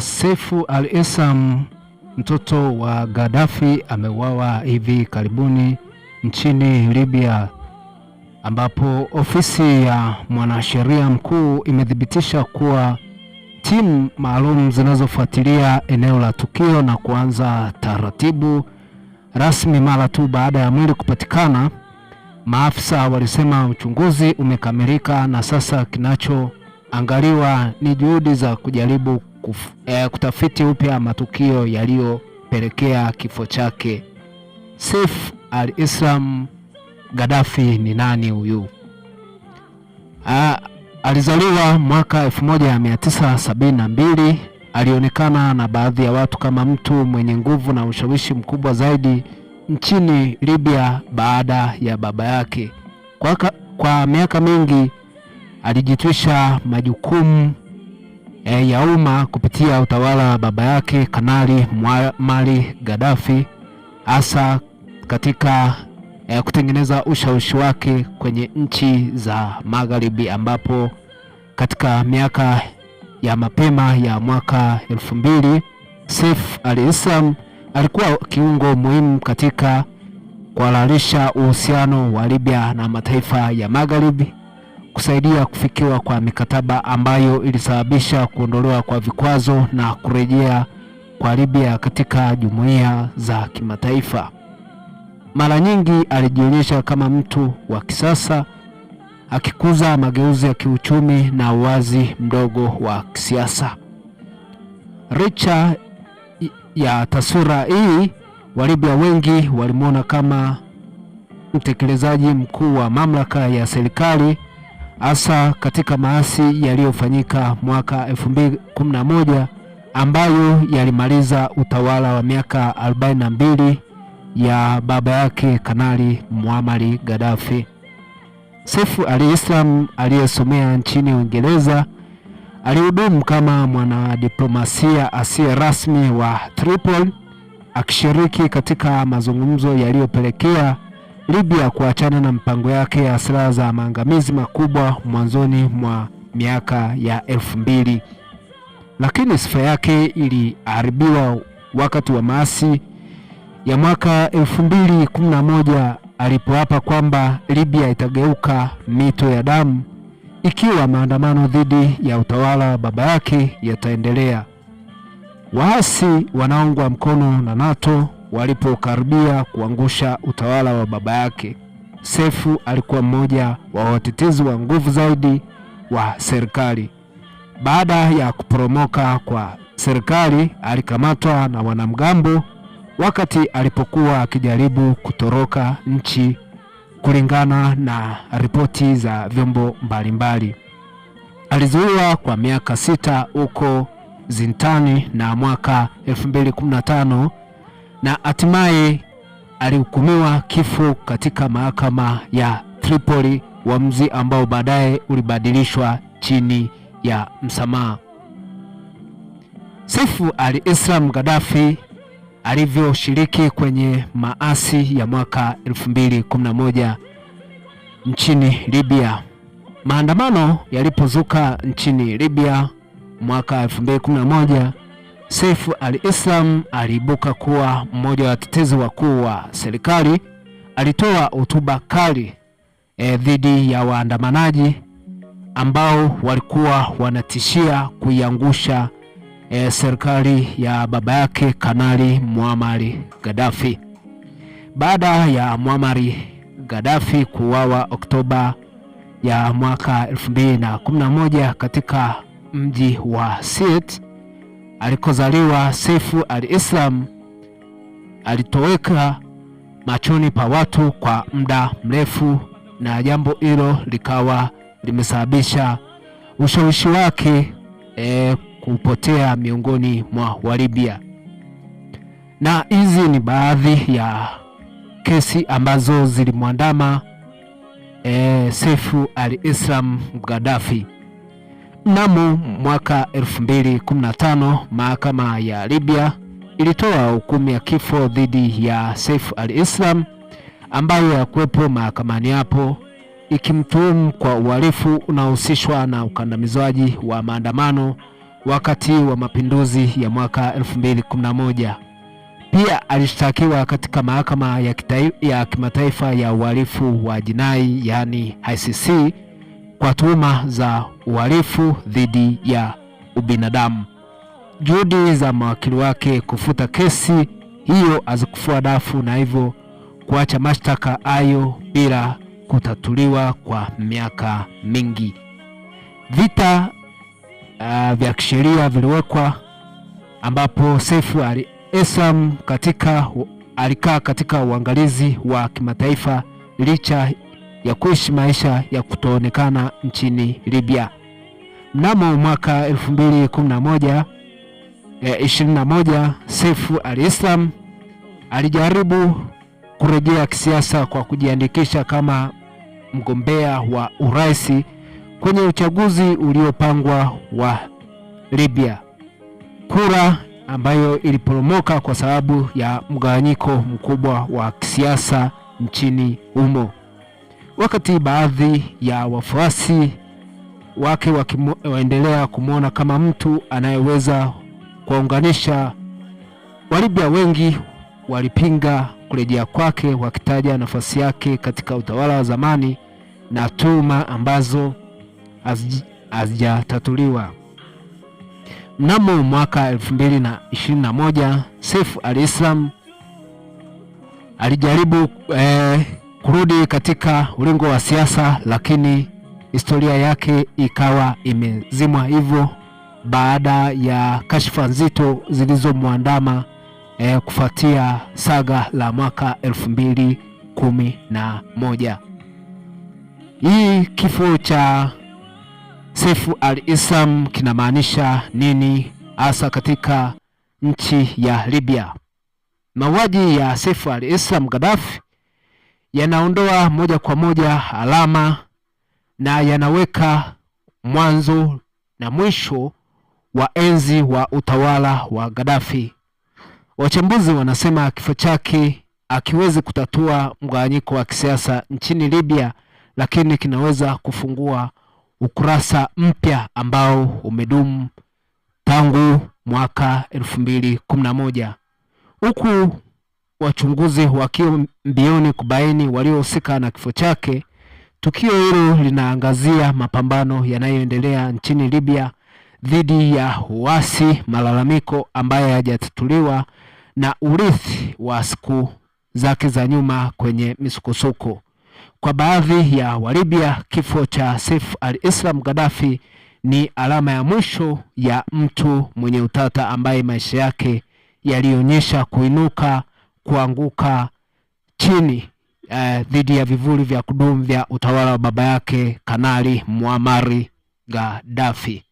Sefu al-Islam mtoto wa Gaddafi ameuawa hivi karibuni nchini Libya ambapo ofisi ya mwanasheria mkuu imethibitisha kuwa timu maalum zinazofuatilia eneo la tukio na kuanza taratibu rasmi mara tu baada ya mwili kupatikana. Maafisa walisema uchunguzi umekamilika na sasa kinachoangaliwa ni juhudi za kujaribu kufu, eh, kutafiti upya matukio yaliyopelekea kifo chake. Saif al-Islam Gaddafi ni nani huyu? Ah, alizaliwa mwaka 1972. Alionekana na baadhi ya watu kama mtu mwenye nguvu na ushawishi mkubwa zaidi nchini Libya baada ya baba yake. Kwa, kwa miaka mingi alijitwisha majukumu e, ya umma kupitia utawala wa baba yake Kanali mali Gaddafi, hasa katika e, kutengeneza ushawishi wake kwenye nchi za Magharibi, ambapo katika miaka ya mapema ya mwaka elfu mbili Saif al-Islam alikuwa kiungo muhimu katika kuhalalisha uhusiano wa Libya na mataifa ya Magharibi kusaidia kufikiwa kwa mikataba ambayo ilisababisha kuondolewa kwa vikwazo na kurejea kwa Libya katika jumuiya za kimataifa. Mara nyingi alijionyesha kama mtu wa kisasa, akikuza mageuzi ya kiuchumi na uwazi mdogo wa kisiasa. Licha ya taswira hii, Walibya wengi walimwona kama mtekelezaji mkuu wa mamlaka ya serikali hasa katika maasi yaliyofanyika mwaka 2011 ambayo yalimaliza utawala wa miaka 42 ya baba yake Kanali Muammar Gaddafi. Seif Ali Islam aliyesomea nchini Uingereza alihudumu kama mwanadiplomasia asiye rasmi wa Tripoli akishiriki katika mazungumzo yaliyopelekea Libya kuachana na mpango yake ya silaha za maangamizi makubwa mwanzoni mwa miaka ya elfu mbili, lakini sifa yake iliharibiwa wakati wa maasi ya mwaka 2011 alipoapa kwamba Libya itageuka mito ya damu ikiwa maandamano dhidi ya utawala wa baba yake yataendelea. Waasi wanaungwa mkono na NATO walipokaribia kuangusha utawala wa baba yake. Sefu alikuwa mmoja wa watetezi wa nguvu zaidi wa serikali. Baada ya kuporomoka kwa serikali, alikamatwa na wanamgambo wakati alipokuwa akijaribu kutoroka nchi, kulingana na ripoti za vyombo mbalimbali. Alizuiwa kwa miaka sita huko Zintani na mwaka 2015 na hatimaye alihukumiwa kifo katika mahakama ya Tripoli, uamuzi ambao baadaye ulibadilishwa chini ya msamaha. Sifu al-Islam Gaddafi alivyoshiriki kwenye maasi ya mwaka 2011 nchini Libya. Maandamano yalipozuka nchini Libya mwaka 2011 Saif al-Islam aliibuka kuwa mmoja wa watetezi wakuu wa serikali. Alitoa hotuba kali e, dhidi ya waandamanaji ambao walikuwa wanatishia kuiangusha e, serikali ya baba yake Kanali Muammar Gaddafi. Baada ya Muammar Gaddafi kuuawa Oktoba ya mwaka 2011 katika mji wa Sirte alikozaliwa Sefu al-Islam alitoweka machoni pa watu kwa muda mrefu, na jambo hilo likawa limesababisha ushawishi wake e, kupotea miongoni mwa Walibya. Na hizi ni baadhi ya kesi ambazo zilimwandama e, Sefu al-Islam Gaddafi. Mnamo mwaka 2015 mahakama ya Libya ilitoa hukumu ya kifo dhidi ya Saif al-Islam ambayo hakuwepo mahakamani hapo, ikimtuhumu kwa uhalifu unaohusishwa na ukandamizwaji wa maandamano wakati wa mapinduzi ya mwaka 2011. Pia alishtakiwa katika mahakama ya kimataifa ya uhalifu wa jinai yaani ICC kwa tuhuma za uhalifu dhidi ya ubinadamu. Juhudi za mawakili wake kufuta kesi hiyo hazikufua dafu na hivyo kuacha mashtaka hayo bila kutatuliwa kwa miaka mingi. Vita uh, vya kisheria viliwekwa ambapo Seif Ali katika alikaa katika uangalizi wa kimataifa licha ya kuishi maisha ya kutoonekana nchini Libya. Mnamo mwaka 2011 21 Seif al-Islam alijaribu kurejea kisiasa kwa kujiandikisha kama mgombea wa urais kwenye uchaguzi uliopangwa wa Libya, kura ambayo iliporomoka kwa sababu ya mgawanyiko mkubwa wa kisiasa nchini humo wakati baadhi ya wafuasi wake waendelea kumwona kama mtu anayeweza kuwaunganisha Walibya. Wengi walipinga kurejea kwake, wakitaja nafasi yake katika utawala wa zamani na tuma ambazo hazijatatuliwa. Mnamo mwaka 2021 Seif al-Islam alijaribu eh, kurudi katika ulingo wa siasa, lakini historia yake ikawa imezimwa hivyo baada ya kashfa nzito zilizomwandama eh, kufuatia saga la mwaka elfu mbili kumi na moja. Hii kifo cha Sefu al Islam kinamaanisha nini hasa katika nchi ya Libya? Mauaji ya Sefu al Islam Gaddafi yanaondoa moja kwa moja alama na yanaweka mwanzo na mwisho wa enzi wa utawala wa Gaddafi. Wachambuzi wanasema kifo chake akiwezi kutatua mgawanyiko wa kisiasa nchini Libya, lakini kinaweza kufungua ukurasa mpya ambao umedumu tangu mwaka elfu mbili kumi na moja huku wachunguzi wakiwa mbioni kubaini waliohusika na kifo chake. Tukio hilo linaangazia mapambano yanayoendelea nchini Libya dhidi ya uasi, malalamiko ambayo hayajatatuliwa na urithi wa siku zake za nyuma kwenye misukosuko. Kwa baadhi ya Walibya, kifo cha Saif al-Islam Gaddafi ni alama ya mwisho ya mtu mwenye utata ambaye maisha yake yalionyesha kuinuka kuanguka chini dhidi eh, dhidi ya vivuli vya kudumu vya utawala wa baba yake Kanali Muamari Gaddafi.